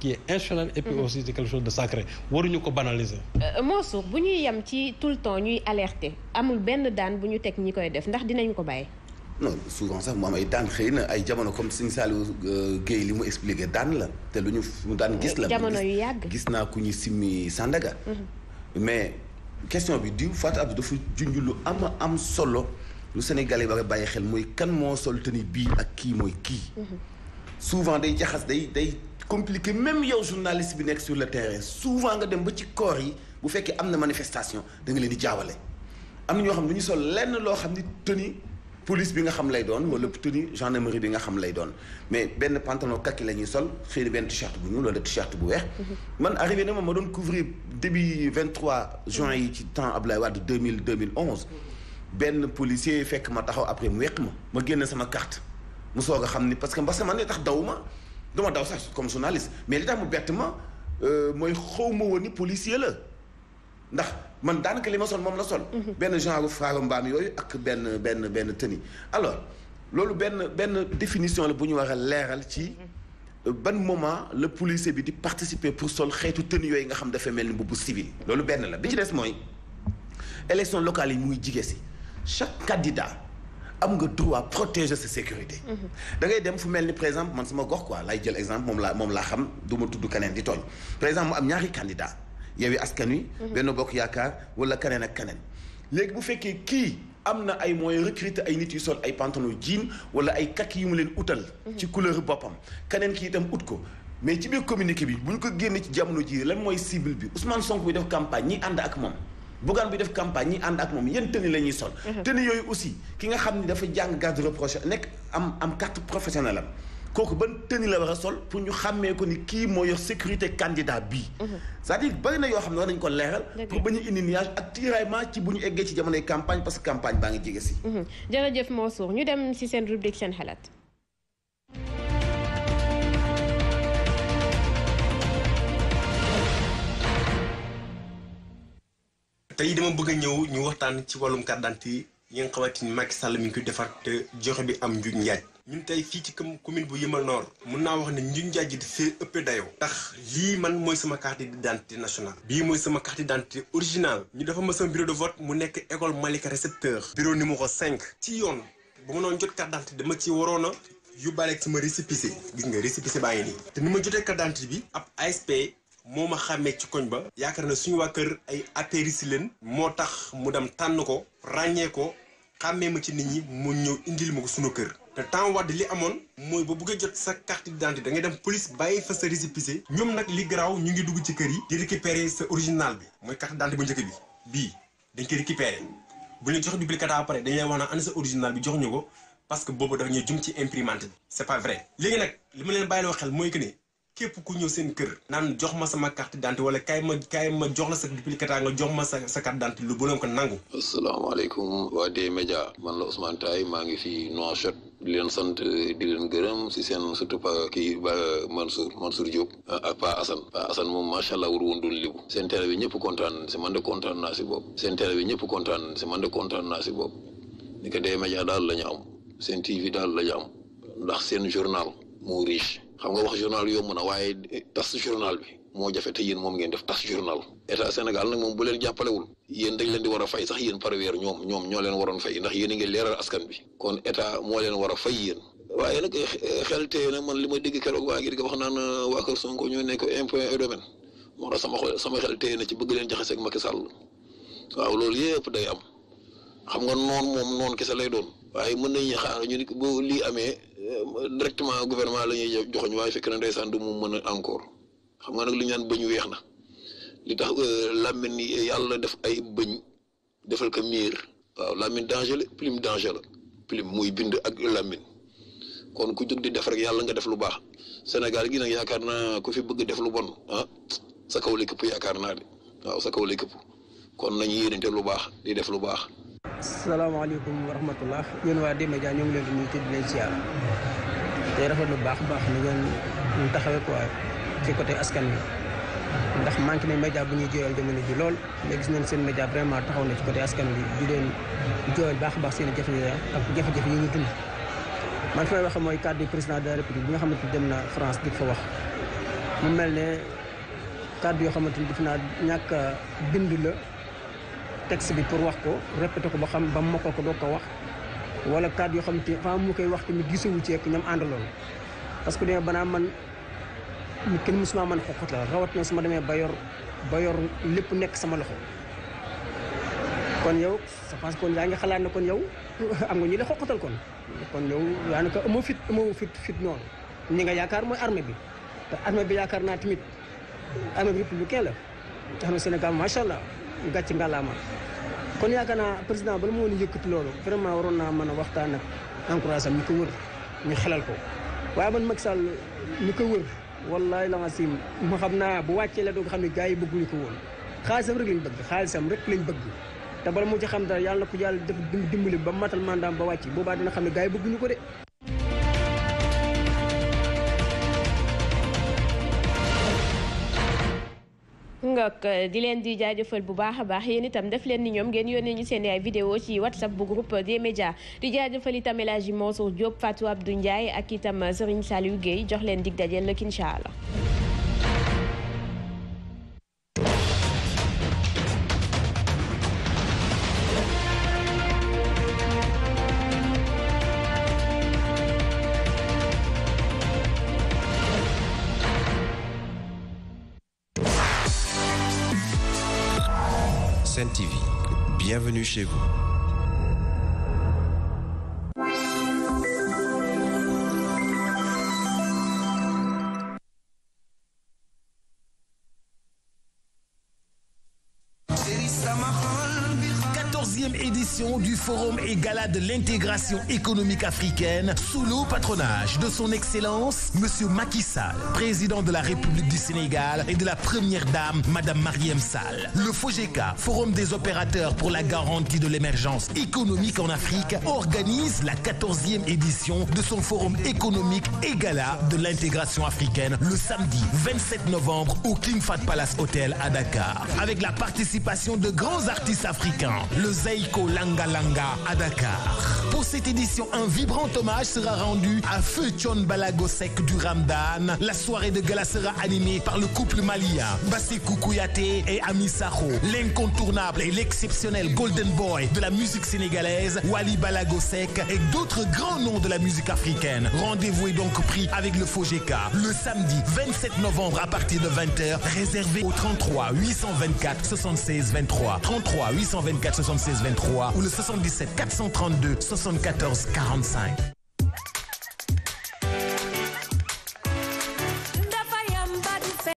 qui est institutionnel et puis mm -hmm. aussi c'est quelque waruñu ko banaliser. Euh, Mansour bu ñuy yem ci tout le temps ñuy alerte amul benn daan bu ñu teg ñi koy def ndax dinañ ko bàyyi. non souvent sax mu am ay daan xëy na ay jamono comme Sëñ Saliou euh, Guèye li mu expliqué daan la te lu ñu mu daan gis la. jamono yu yàgg gis naa ku ñuy simmi Sandaga. Mhm. mais question bi di Fatou Abdou dafa junj lu am am solo lu Sénégalais ba bàyyi xel muy kan moo sol tenue bii ak kii mooy kii. Mhm. souvent day jaxas day day. compliqué même yow journaliste bi nekk sur le terrain souvent nga dem ba ci corps yi bu fekkee am na manifestation da nga leen di jaawale. am na ñoo xam ne ñu sol lenn loo xam ni tenue police bi nga xam lay doon wala tenue gendarmerie bi nga xam lay doon mais benn pantalon kaki ñuy sol xëy na benn bu ñuul wala t-shirt bu weex. Mhm. man arrivé na ma ma doon couvrir début 23 yi ci temps Abdoulaye Wade 2000 2011. benn policier fekk ma taxaw après mu weq ma ma génn sama carte mu soog a xam ni parce que parce que man ne tax daw ma. dama daw sax comme journaliste mais li tax mu bett ma euh, mooy xaw ma woon ni policier la ndax man daanaka li ma sol moom la sol. Mhm. benn genre faaru mbaam yooyu ak benn benn benn tenue. alors loolu benn benn définition la bu ñu war a leeral ci mhm. ban moment la policier bi di participer pour sol xeetu tenue yooyu nga xam dafa mel ni bu civil. loolu benn la bi ci des mooy élection locale yi muy jige si chaque candidat. am nga droit protéger sa sécurité. da ngay dem fu mel ni par exemple man sama gox quoi lay jël exemple moom laa moom laa xam du ma tudd keneen di tooñ par exemple mu am ñaari candidat Yewwi Askan Wi. Mhm. Benno Bokk Yaakaar wala keneen ak keneen. léegi bu fekkee kii am na ay moyens recruter ay nit yu sol ay pantalon jean wala ay kak yu mu leen utal. Mhm. ci couleur boppam keneen kii itam ut ko. mais ci biir communiqué bi bu ñu ko génnee ci jamono jii lan mooy cible bi Ousmane Sonko bi def campagne ñi ànd ak moom. Bougane bi def campagne ñi ànd ak moom yéen tenue la ñuy sol. Mhm. tenue yooyu aussi ki nga xam ni dafa jàng garde reproche nekk am am carte professionnelle am kooku ban tenue la war a sol pour ñu xàmmee ko ni kii moo yor sécurité candidat bii. Mhm. cest dire bëri yoo xam ne war nañu ko leeral. pour ba ñu indi nuage ak tiraillement ci bu ñu eggee ci jamonoy campagne parce que campagne baa ngi jege si. Mhm. jërëjëf Mansour ñu dem si seen rubrique seen xalaat. tey dama bëgg ñëw ñu waxtaan ci wàllum carte d'identité yi nga xamante ni Macky Sall mi ngi defar te joxe bi am njuñ njaaj ñun tey fii ci commune bu Yeumbeul Nord mun naa wax ne njuñ njaaj ji dafee ëppee dayoo ndax lii man mooy sama carte d'identité nationale bii mooy sama carte d'identité originale ñu dafa ma sama bureau de vote mu nekk école Malika récepteur bureau numéro 5 ci yoon ba ma noon jot carte d'identité dama ci waroon a yóbbaale ak sama récépissé gis nga récépissé bi ab ASP moo ma xàmmee ci koñ ba yaakaar na suñu waa kër ay apéris leen moo tax mu dem tànn ko ràññee ko xàmmee ma ci nit ñi mu ñëw indil ma ko suñu kër te temps wadd li amoon mooy ba bëgg a jot sa carte d'identité da ngay dem police bàyyi fa sa récépissé ñoom nag li garaaw ñu ngi dugg ci kër yi di récupérer sa original bi mooy carte d'identité bu njëkk bi bii dañ koy récupérer bu ñu jox duplicata ba pare dañ lay wax naan ana sa original bi jox ñu ko parce que boobu dafa ñuy jum ci imprimante bi li ma leen bàyyi loo xel mooy que képp ku ñëw seen kër naan jox ma sama carte d'identité wala kaay ma kaay ma jox la sa duplicata nga jox ma sa sa carte d'identité lu bëloom ko nangu asalaamaaleykum waa D-Media man la Ousmane Taye maa ngi fii Nouakchott di leen sant di leen gërëm si seen surtout kii ba Mansour Mansour Diop ah, ak Pa Assane Pa Assane moom macha allah woon dul libu seen bi ñëpp kontaan si man de kontaan naa bi ñëpp kontaan si man de kontaan naa si bopp ni ko D-Media daal la ñu am seen TV daal la ñu am ndax seen journal moo riche xam nga wax journal yomb na waaye tas journal bi moo jafe te yéen moom ngeen def tas journal état Sénégal nag moom bu leen jàppalewul dañ leen di a fay sax yéen par weer ñoom ñoom ñoo leen waroon fay ndax a ngi leeral askan bi kon état moo leen war a fay yéen waaye nag xel tey nag man li ma dégg keroog waa ngir wax naan euh, waa Sonko ñoo nekk impôt et moo sama xel sama xel tey na ci bëgg leen jaxase ak Macky Sall waaw loolu yëpp day am xam nga noon moom noon kese lay doon waaye mën nañu xaar ñu ni directement gouvernement la ñuy joxoñ waaye fekk na ndeysaan du mu mën a encore xam nga nag lu ñaan naan bëñ weex na li tax euh, làmmiñ ni euh, yàlla def ay bëñ defal ko miir waaw làmmiñ danger la plume danger la plume muy bind ak làmmiñ kon ku jóg di def rek yàlla nga def lu baax Sénégal gi nag yaakaar naa ku fi bëgg def lu bon ah sa kaw lay këpp yaakaar naa de waaw sa kaw lay këpp kon nañu yéenante lu baax di def lu baax salaamaaleykum wa rahmatullah ñun waa D-Media ñoo ngi leen di muy te di leen ziar tey rafetlu baax baax na ngeen ñu taxawee quoi ci côté askan wi ndax manqué nañ média bu ñuy jooyal jamono ji lool mais gis nañ seen média vraiment taxaw na ci côté askan wi di leen jooyal baax baax seen i jafe ak jafe-jafe yi ñu dund man fi may waxee mooy cadre président de la république bi nga xamante ni dem na France di fa wax mu mel ne cadre yoo xamante ni def naa ñàkk bind la texte bi pour wax ko répété ko ba xam ba mokkal ko doog ko wax wala kàddu yoo xam te fa mu koy wax tamit gisawu ci ak ñoom àndaloon parce que demee banaa man kenn musuma man xoqut la rawat demee ba yor ba yor lépp nekk sama loxo kon yow je pense kon yaa ngi xalaat ne kon yow am nga ñu la xoqatal kon kon yow yaa ngi ko fit amoo fit fit noonu ñi nga yaakaar mooy armée bi te armée bi yaakaar naa tamit armée bi républicain la te xam ne Sénégal macha allah gàcc ngalaama kon yaakaar naa président bala mu woon yëkkati loolu vraiment waroon naa mën a waxtaan ak encouragé am ñu ko wër ñu xelal ko waaye man Macky Sall ñu ko wër wallaay la nga sim ma xam naa bu wàccee la doo xam ne gars yi bëgguñu ko woon xaalisam rek lañ bëgg xaalisam rek lañ bëgg te bala mu ci xam dara yàlla na ko yàlla def dimbali ba matal mandaam ba wàcc boobaa dina xam ne gaa yi bëgguñu ko de ngoog eh, di leen di jaajëfal bu baax a baax yéen itam def leen ni ñoom ngeen yónnee ñu seen ay video ci whatsapp bu groupe des média di jaajëfal itam El Hadji Mansour Diop Fatou Abdou Ndiaye ak itam Serigne Saliou Guèye jox leen dig dajeel lëkk incha allah Sen TV. Bienvenue chez vous. deuxième édition du Forum et Gala de l'intégration économique africaine sous de son Excellence Monsieur Macky Sall, de la République du Sénégal et de la Première Dame Madame Le e FOGECA, opérateurs pour la garantie de l'émergence économique en Afrique, organise la de son de l'intégration africaine le samedi 27 novembre de grands Seiko Langa Langa à Dakar. Pour cette édition, un vibrant hommage sera rendu à Feu Thione Balago du Ramdan. La soirée de gala sera animée par le couple malien Bassirou et Ami L'incontournable et l'exceptionnel Golden Boy de la musique sénégalaise Wally Balago et d'autres grands noms de la musique africaine. Rendez-vous est donc pris avec le FOGECA le samedi novembre à partir de 20h, réservé au 33 83 ou le 77 432 74